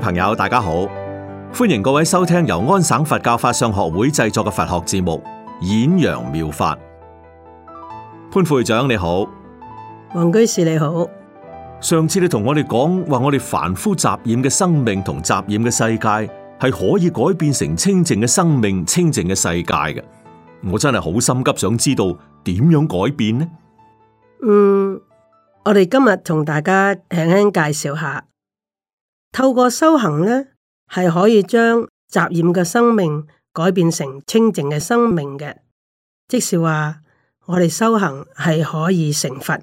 朋友，大家好，歡迎各位收聽由安省佛教法相學會製作嘅佛學節目《演揚妙，妙法》。潘副會長你好，黃居士你好。上次你同我哋講話，我哋凡夫雜染嘅生命同雜染嘅世界係可以改變成清淨嘅生命、清淨嘅世界嘅。我真係好心急，想知道點樣改變呢？嗯，我哋今日同大家輕輕介紹下。透過修行呢係可以將雜染嘅生命改變成清淨嘅生命嘅，即是話我哋修行係可以成佛。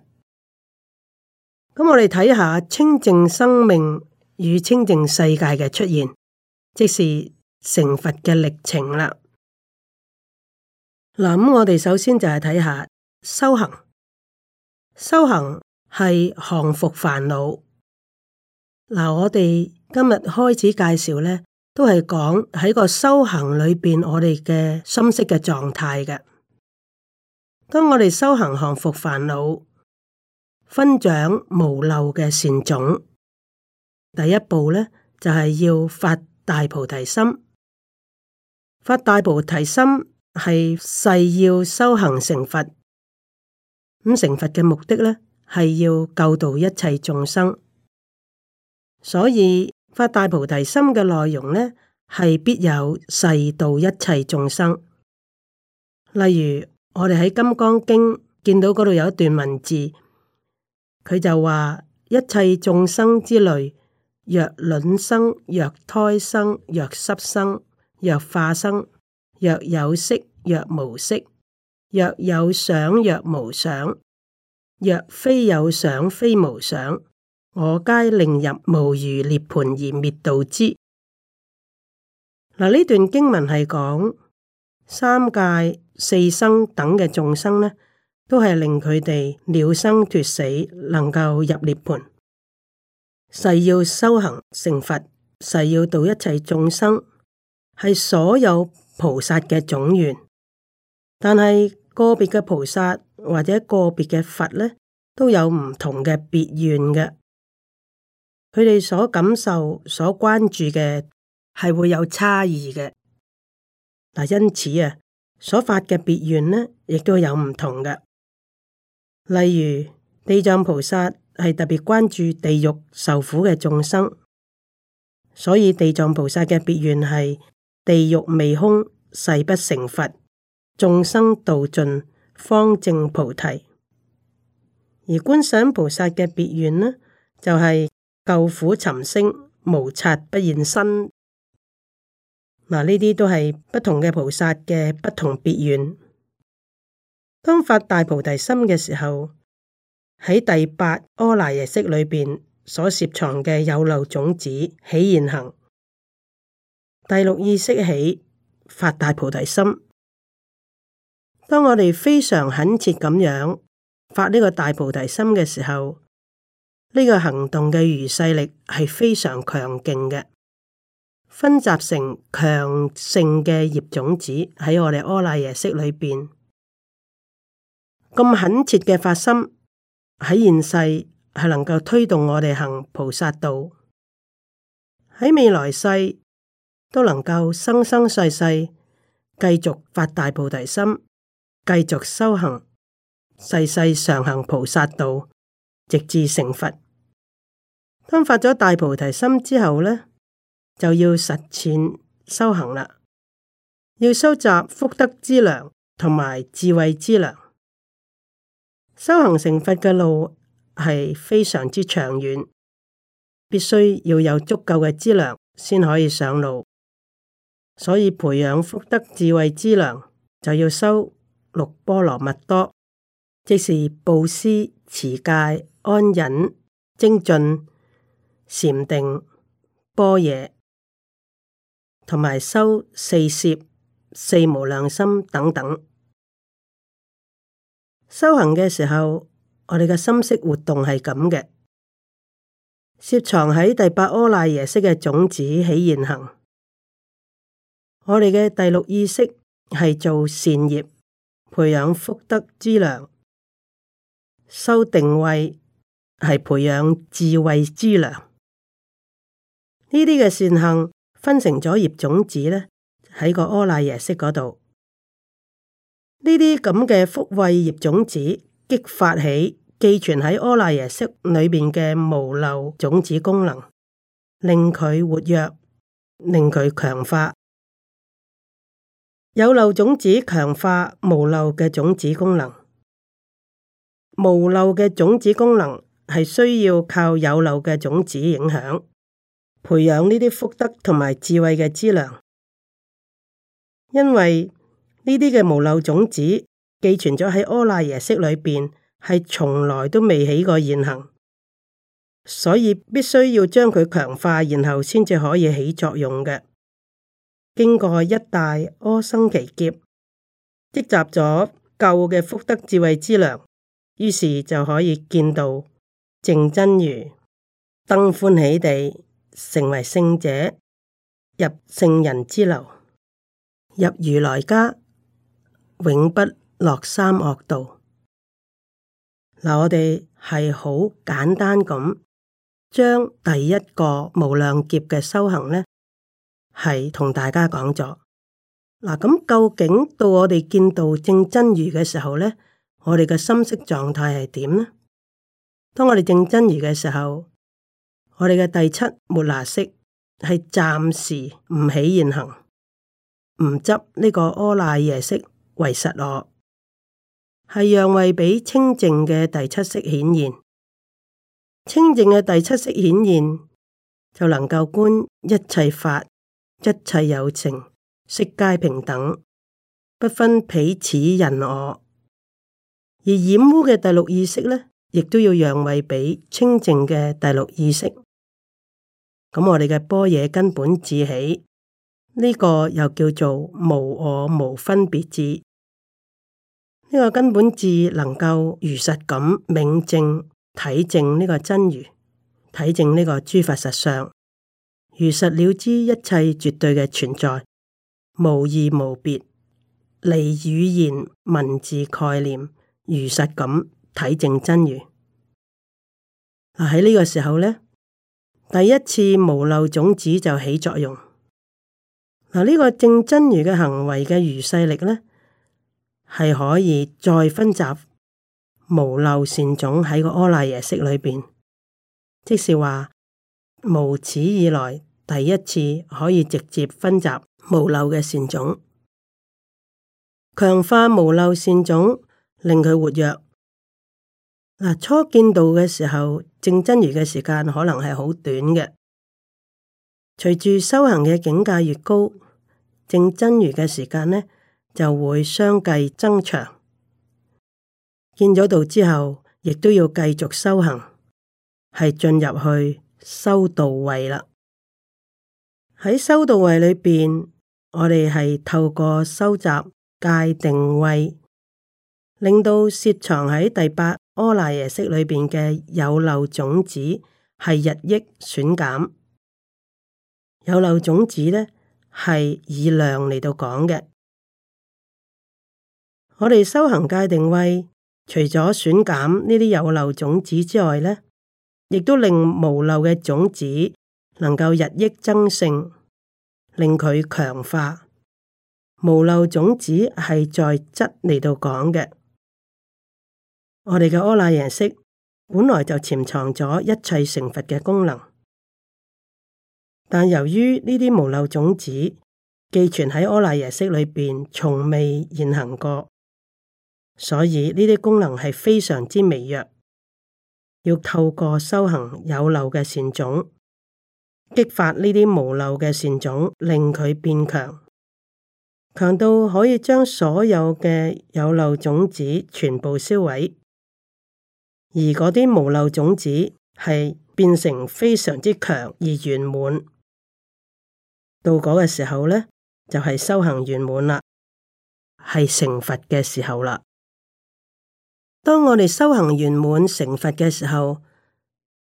咁我哋睇下清淨生命與清淨世界嘅出現，即是成佛嘅歷程啦。嗱，咁我哋首先就係睇下修行，修行係降伏煩惱。嗱，我哋今日開始介紹咧，都係講喺個修行裏邊，我哋嘅心識嘅狀態嘅。當我哋修行降伏煩惱、分長無漏嘅善種，第一步咧就係要發大菩提心。發大菩提心係誓要修行成佛。咁成佛嘅目的咧係要救度一切眾生。所以發大菩提心嘅內容呢，係必有誓度一切眾生。例如我哋喺《金剛經》見到嗰度有一段文字，佢就話一切眾生之類，若卵生，若胎生，若濕生，若化生，若有色，若無色，若有想，若無想，若非有想，非無想。我皆令入無餘涅槃，而滅度之。嗱，呢段經文係講三界四生等嘅眾生呢，都係令佢哋了生脱死，能夠入涅槃。誓要修行成佛，誓要度一切眾生，係所有菩薩嘅總願。但係個別嘅菩薩或者個別嘅佛呢，都有唔同嘅別願嘅。佢哋所感受、所關注嘅係會有差異嘅，嗱，因此啊，所發嘅別願呢，亦都有唔同嘅。例如地藏菩薩係特別關注地獄受苦嘅眾生，所以地藏菩薩嘅別願係地獄未空，誓不成佛；眾生度盡，方證菩提。而觀想菩薩嘅別願呢，就係、是。救苦尋聲，無剎不現身。嗱，呢啲都係不同嘅菩薩嘅不同別願。當發大菩提心嘅時候，喺第八阿賴耶識裏邊所攝藏嘅有漏種子起現行，第六意識起發大菩提心。當我哋非常懇切咁樣發呢個大菩提心嘅時候。呢個行動嘅餘勢力係非常強勁嘅，分集成強盛嘅業種子喺我哋阿賴耶識裏邊，咁懇切嘅發心喺現世係能夠推動我哋行菩薩道，喺未來世都能夠生生世世繼,繼續發大菩提心，繼續修行，世世常行菩薩道，直至成佛。當發咗大菩提心之後呢，就要實踐修行啦。要收集福德之糧同埋智慧之糧，修行成佛嘅路係非常之長遠，必須要有足夠嘅資糧先可以上路。所以培養福德智慧之糧，就要修六波羅蜜多，即是布施、持戒、安忍、精進。禪定、般若，同埋修四攝、四無量心等等，修行嘅時候，我哋嘅心識活動係咁嘅：攝藏喺第八阿賴耶識嘅種子起現行。我哋嘅第六意識係做善業，培養福德之糧；修定慧係培養智慧之糧。呢啲嘅善行分成咗業種子咧，喺個阿賴耶識嗰度。呢啲咁嘅福慧業種子，激發起寄存喺阿賴耶識裏邊嘅無漏種子功能，令佢活躍，令佢強化。有漏種子強化無漏嘅種子功能，無漏嘅種子功能係需要靠有漏嘅種子影響。培養呢啲福德同埋智慧嘅資糧，因為呢啲嘅無漏種子寄存咗喺阿賴耶識裏邊，係從來都未起過現行，所以必須要將佢強化，然後先至可以起作用嘅。經過一大阿僧祇劫，積集咗舊嘅福德智慧資糧，於是就可以見到證真如，登歡喜地。成為聖者，入聖人之流，入如來家，永不落三惡道。嗱，我哋係好簡單咁，將第一個無量劫嘅修行咧，係同大家講咗。嗱，咁究竟到我哋見到正真如嘅時候咧，我哋嘅心識狀態係點呢？當我哋正真如嘅時候。我哋嘅第七末那識係暫時唔起現行，唔執呢個阿賴耶識為實我，係讓位俾清淨嘅第七識顯現。清淨嘅第七識顯現就能夠觀一切法、一切有情色皆平等，不分彼此人我。而染污嘅第六意識咧，亦都要讓位俾清淨嘅第六意識。咁我哋嘅般若根本智起，呢個又叫做無我無分別智。呢個根本智能夠如實咁明正睇正呢個真如，睇正呢個諸法實相，如實了知一切絕對嘅存在，無異無別，離語言文字概念，如實咁睇正真如。喺呢個時候咧，第一次無漏種子就起作用，嗱呢、這個正真如嘅行為嘅餘勢力咧，係可以再分集無漏善種喺個阿賴耶識裏邊，即是話無始以來第一次可以直接分集無漏嘅善種，強化無漏善種，令佢活躍。嗱，初見道嘅時候，證真如嘅時間可能係好短嘅。隨住修行嘅境界越高，證真如嘅時間呢就會相繼增長。見咗道之後，亦都要繼續修行，係進入去修道位啦。喺修道位裏邊，我哋係透過收集界定位，令到攝藏喺第八。阿賴耶識裏邊嘅有漏種子係日益損減，有漏種子呢係以量嚟到講嘅。我哋修行界定位，除咗損減呢啲有漏種子之外呢，亦都令無漏嘅種子能夠日益增盛，令佢強化。無漏種子係在質嚟到講嘅。我哋嘅阿賴耶識本來就潛藏咗一切成佛嘅功能，但由於呢啲無漏種子寄存喺阿賴耶識裏邊，從未現行過，所以呢啲功能係非常之微弱。要透過修行有漏嘅善種，激發呢啲無漏嘅善種，令佢變強，強到可以將所有嘅有漏種子全部銷毀。而嗰啲無漏種子係變成非常之強而圓滿，到嗰個時候咧就係、是、修行圓滿啦，係成佛嘅時候啦。當我哋修行圓滿成佛嘅時候，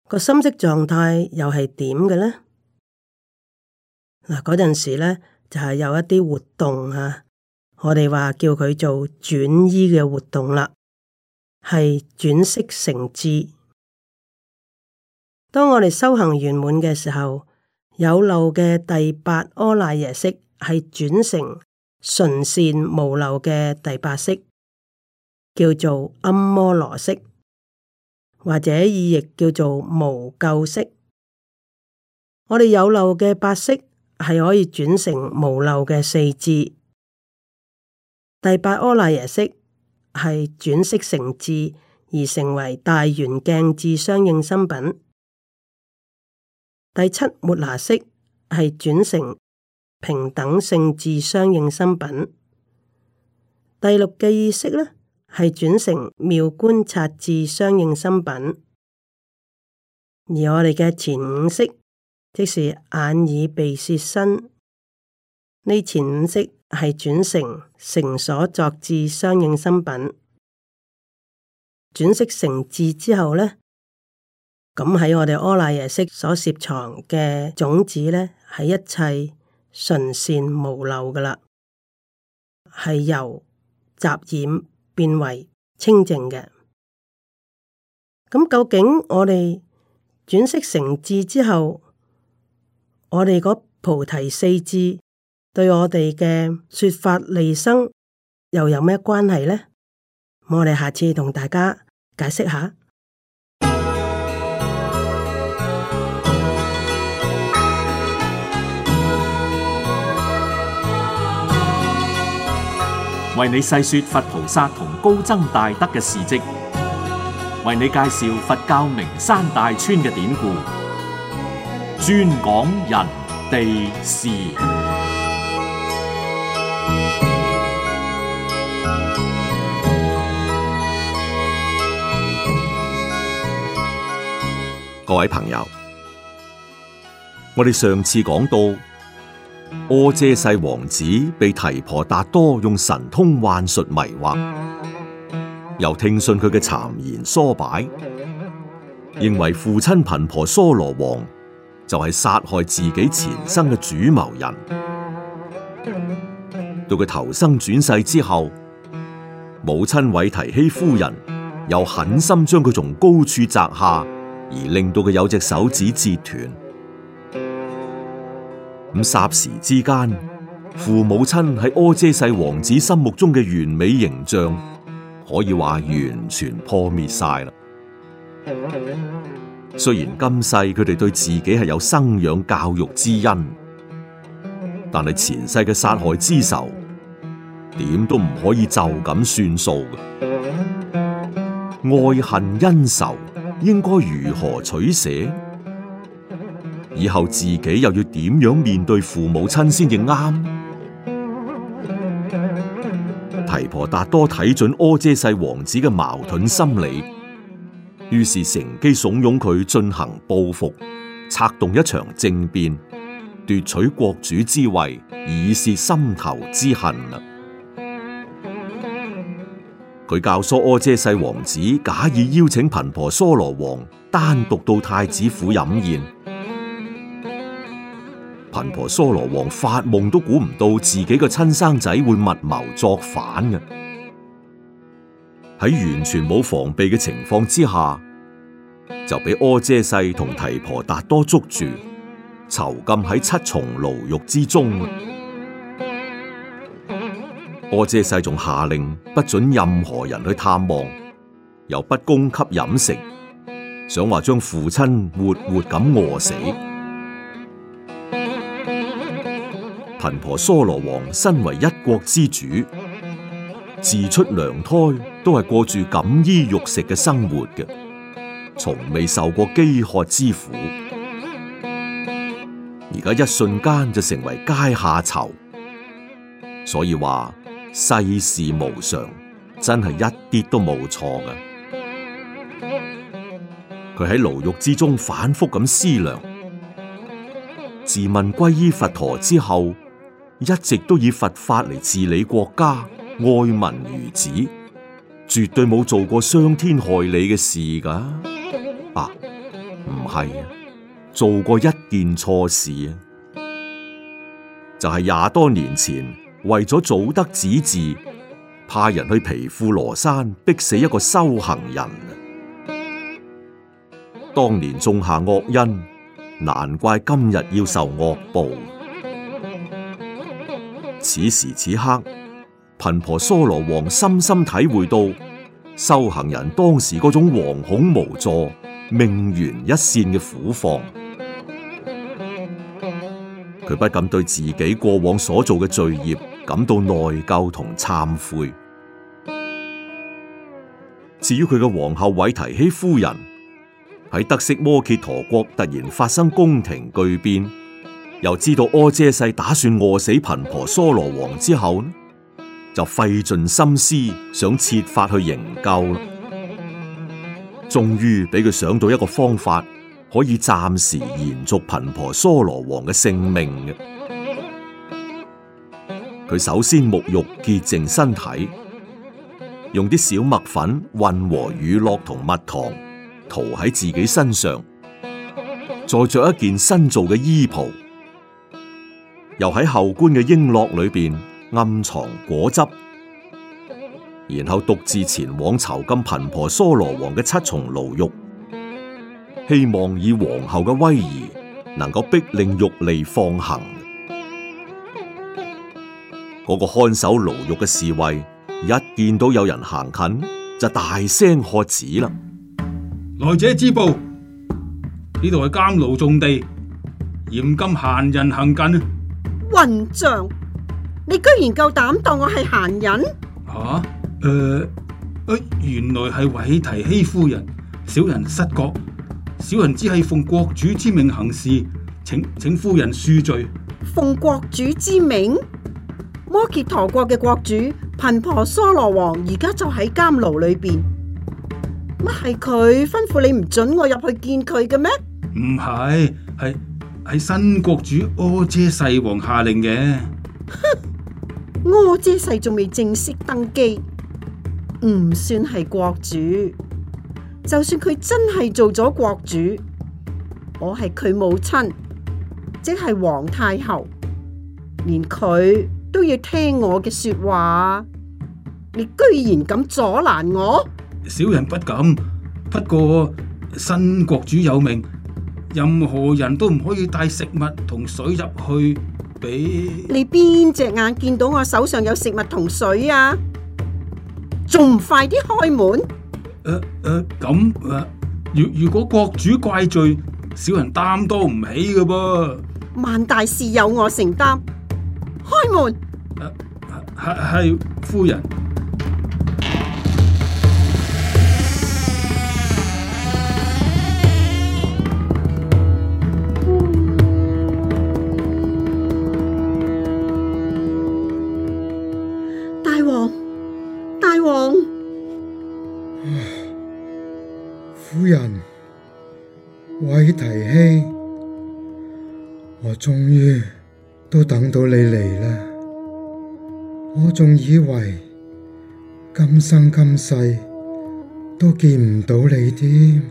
個心識狀態又係點嘅咧？嗱，嗰陣時咧就係、是、有一啲活動啊，我哋話叫佢做轉依嘅活動啦。係轉識成智。當我哋修行圓滿嘅時候，有漏嘅第八阿賴耶識係轉成純善無漏嘅第八識，叫做庵摩羅識，或者意譯叫做無垢識。我哋有漏嘅八識係可以轉成無漏嘅四智。第八阿賴耶識。係轉識成智，而成為大圓鏡智相應心品。第七末那識係轉成平等性智相應心品。第六嘅意識呢，係轉成妙觀察智相應心品。而我哋嘅前五識，即是眼耳鼻舌身，呢前五識。係轉成成所作智相應心品，轉識成智之後咧，咁喺我哋阿賴耶識所攝藏嘅種子咧，係一切純善無漏噶啦，係由雜染變為清淨嘅。咁究竟我哋轉識成智之後，我哋嗰菩提四智，對我哋嘅說法利生又有咩關係呢？我哋下次同大家解釋下。為你細說佛菩薩同高僧大德嘅事跡，為你介紹佛教名山大川嘅典故，專講人地事。各位朋友，我哋上次講到，阿闍世王子被提婆達多用神通幻術迷惑，又聽信佢嘅讒言唆擺，認為父親頻婆娑羅王就係殺害自己前生嘅主謀人。到佢投生轉世之後，母親韋提希夫人又狠心將佢從高處擲下。而令到佢有隻手指截斷，咁霎時之間，父母親喺阿闍世王子心目中嘅完美形象，可以話完全破滅晒啦。雖然今世佢哋對自己係有生養教育之恩，但係前世嘅殺害之仇，點都唔可以就咁算數嘅，愛恨恩仇。應該如何取捨？以後自己又要點樣面對父母親先至啱？提婆達多睇準阿闍世王子嘅矛盾心理，於是乘機慫恿佢進行報復，策動一場政變，奪取國主之位，以示心頭之恨。佢教唆阿闍世王子假意邀請頻婆娑羅王單獨到太子府飲宴，頻婆娑羅王發夢都估唔到自己嘅親生仔會密謀作反嘅，喺完全冇防備嘅情況之下，就俾阿闍世同提婆達多捉住，囚禁喺七重牢獄之中。阿闍世王下令不准任何人去探望，又不供給飲食，想話將父親活活咁餓死。頻 婆娑羅王身為一國之主，自出娘胎都係過住錦衣玉食嘅生活嘅，從未受過飢渴之苦，而家一瞬間就成為階下囚，所以話，世事無常，真係一啲都冇錯嘅。佢喺牢獄之中反複咁思量，自問歸依佛陀之後，一直都以佛法嚟治理國家，愛民如子，絕對冇做過傷天害理嘅事噶。啊，唔係啊，做過一件錯事啊，就係、是、廿多年前。為咗早得子嗣，派人去毘富羅山逼死一個修行人。當年種下惡因，難怪今日要受惡報。此時此刻，頻婆娑羅王深深體會到修行人當時嗰種惶恐無助、命懸一綫嘅苦況。佢不敢對自己過往所做嘅罪業。感到內疚同懺悔。至於佢嘅皇后韋提希夫人喺得悉摩羯陀國突然發生宮廷巨變，又知道阿闍世打算餓死頻婆娑羅王之後，就費盡心思想設法去營救啦。終於俾佢想到一個方法，可以暫時延續頻婆娑羅王嘅性命佢首先沐浴潔淨身體，用啲小麥粉混和乳酪同蜜糖塗喺自己身上，再着一件新做嘅衣袍，又喺后冠嘅瓔珞裏邊暗藏果汁，然後獨自前往囚禁頻婆娑羅王嘅七重牢獄，希望以皇后嘅威儀能夠逼令獄吏放行。嗰個看守牢獄嘅侍衛一見到有人行近，就大聲喝止啦！來者止步！呢度係監牢重地，嚴禁閒人行近啊！混賬！你居然夠膽當我係閒人？啊？誒、呃、誒、呃，原來係韋提希夫人，小人失覺，小人只係奉國主之命行事，請請夫人恕罪。奉國主之命。摩羯陀國嘅國主頻婆娑羅王而家就喺監牢裏邊。乜係佢吩咐你唔准我入去見佢嘅咩？唔係，係係新國主阿闍世王下令嘅。阿 闍世仲未正式登基，唔算係國主。就算佢真係做咗國主，我係佢母親，即係皇太后，連佢。都要聽我嘅說話，你居然敢阻攔我？小人不敢，不過新國主有命，任何人都唔可以帶食物同水入去俾。你邊隻眼見到我手上有食物同水啊？仲唔快啲開門？誒誒，咁誒，如如果國主怪罪，小人擔當唔起嘅噃。萬大事由我承擔。開門，係係，夫人，大王，大王，夫人韋提希，我終於都等到你嚟。仲以為今生今世都見唔到你添。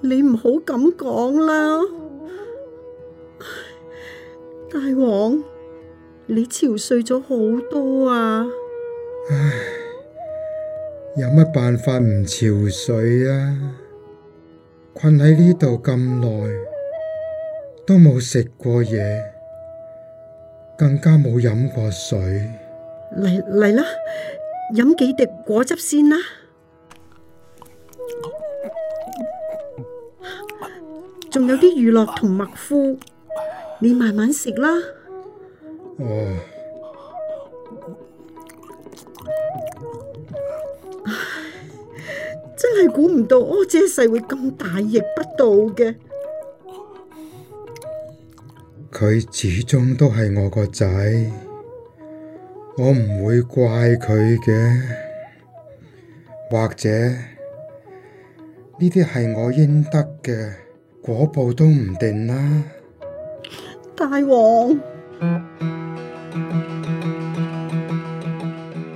你唔好咁講啦，大王，你憔悴咗好多啊！唉，有乜辦法唔憔悴啊？困喺呢度咁耐，都冇食過嘢，更加冇飲過水。嚟嚟啦，飲幾滴果汁先啦，仲有啲娛樂同麥麩，你慢慢食啦。唉，真係估唔到阿闍世會咁大逆不道嘅。佢始終都係我個仔。我唔會怪佢嘅，或者呢啲係我應得嘅果報都唔定啦。大王，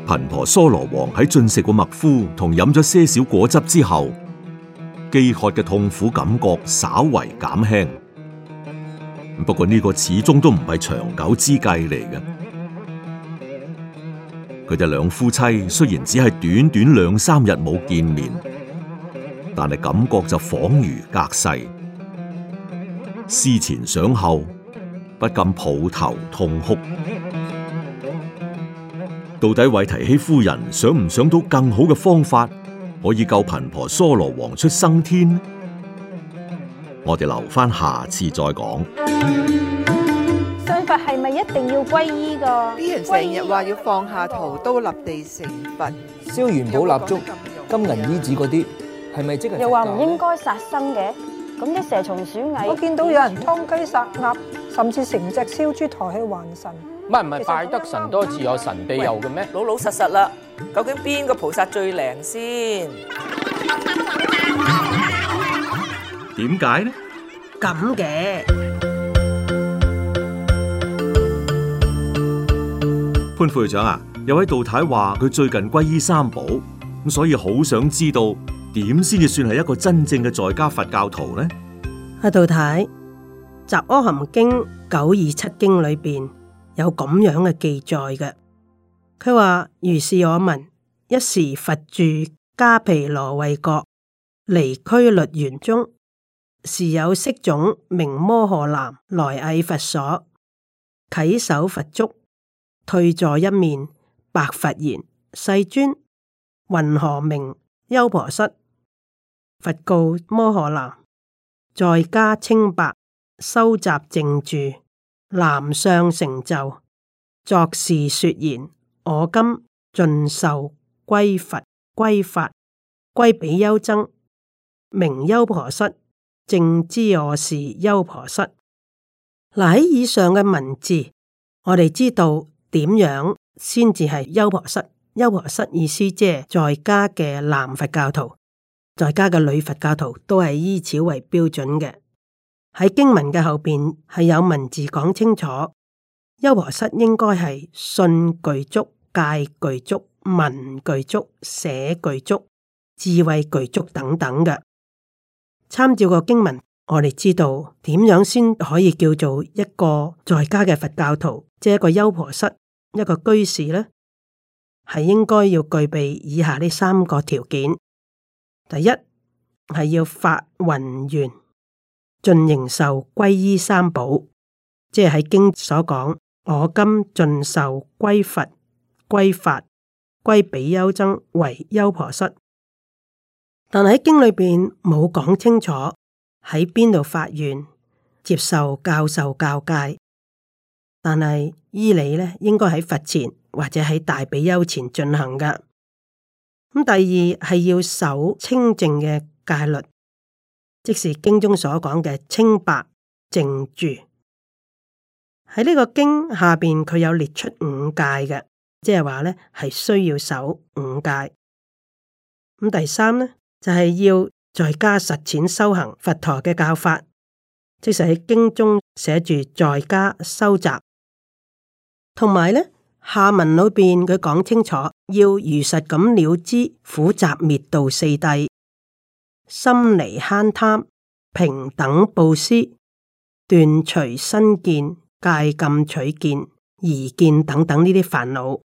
頻婆娑羅王喺進食過麥麩同飲咗些少果汁之後，飢渴嘅痛苦感覺稍為減輕，不過呢個始終都唔係長久之計嚟嘅。佢哋兩夫妻雖然只係短短兩三日冇見面，但係感覺就恍如隔世。思前想後，不禁抱頭痛哭。到底韋提希夫人想唔想到更好嘅方法，可以救頻婆娑羅王出生天？我哋留翻下,下次再講。係咪一定要皈依噶？啲人成日話要放下屠刀立地成佛，燒元寶蠟燭、金銀衣紙嗰啲，係咪即係？又話唔應該殺生嘅，咁啲蛇蟲鼠蟻，我見到有人劏雞殺鴨，甚至成隻燒豬抬去還神。唔係唔係，拜得神多自有神庇佑嘅咩？老老實實啦，究竟邊個菩薩最靈先？點解呢？咁嘅。潘副會長啊，有位道太話佢最近皈依三寶，咁所以好想知道點先至算係一個真正嘅在家佛教徒呢？阿、啊、道太，《雜阿含經》九二七經裏邊有咁樣嘅記載嘅，佢話如是我聞，一時佛住迦毗羅衛國離區律園中，時有釋種名摩訶男來詣佛所，啟手佛足。退咗一面，白佛言：世尊，云何名優婆室？佛告摩訶南，在家清白，收集淨住，南上成就，作事說言：我今盡受歸佛歸法，歸彼優增，名優婆室。正知我是優婆室。嗱，喺以上嘅文字，我哋知道。點樣先至係優婆塞？優婆塞意思即係在家嘅男佛教徒，在家嘅女佛教徒都係以此為標準嘅。喺經文嘅後邊係有文字講清楚，優婆塞應該係信具足、戒具足、聞具足、捨具足、智慧具足等等嘅。參照個經文，我哋知道點樣先可以叫做一個在家嘅佛教徒。即一個優婆塞，一個居士呢，係應該要具備以下呢三個條件：第一係要發願盡形壽皈依三寶。即係喺經所講，我今盡壽皈佛、皈法、皈比丘僧為優婆塞。但喺經裏邊冇講清楚喺邊度發願、接受教授教戒。但係依理咧，應該喺佛前或者喺大比丘前進行噶。咁第二係要守清淨嘅戒律，即是經中所講嘅清白淨住。喺呢個經下邊，佢有列出五戒嘅，即係話咧係需要守五戒。咁第三咧就係、是、要在家實踐修行佛陀嘅教法，即使喺經中寫住在家修習。同埋呢下文裏邊佢講清楚，要如實咁了知，苦集滅道四諦，心離慳貪、平等布施、斷除身見、戒禁取見、疑見等等呢啲煩惱，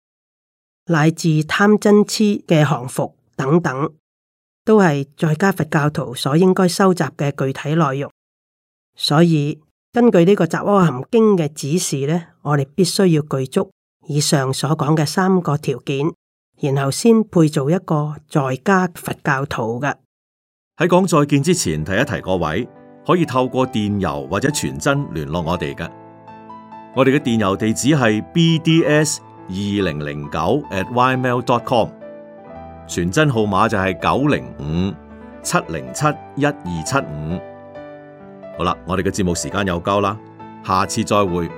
乃至貪嗔癡嘅降伏等等，都係在家佛教徒所應該收集嘅具體內容。所以。根據呢個《雜阿含經》嘅指示咧，我哋必須要具足以上所講嘅三個條件，然後先配做一個在家佛教徒㗎。喺講再見之前提一提，各位可以透過電郵或者傳真聯絡我哋㗎。我哋嘅電郵地址係 bds 二零零九 @ymail.com，傳真號碼就係九零五七零七一二七五。好啦，我哋嘅節目時間又夠啦，下次再會，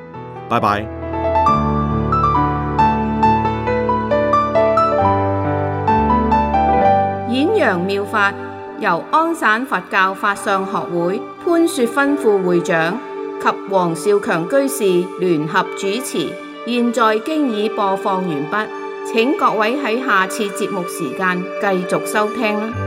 拜拜。演揚妙法由安省佛教法相學會潘雪芬副會長及黃少強居士聯合主持，現在經已播放完畢，請各位喺下次節目時間繼續收聽啦。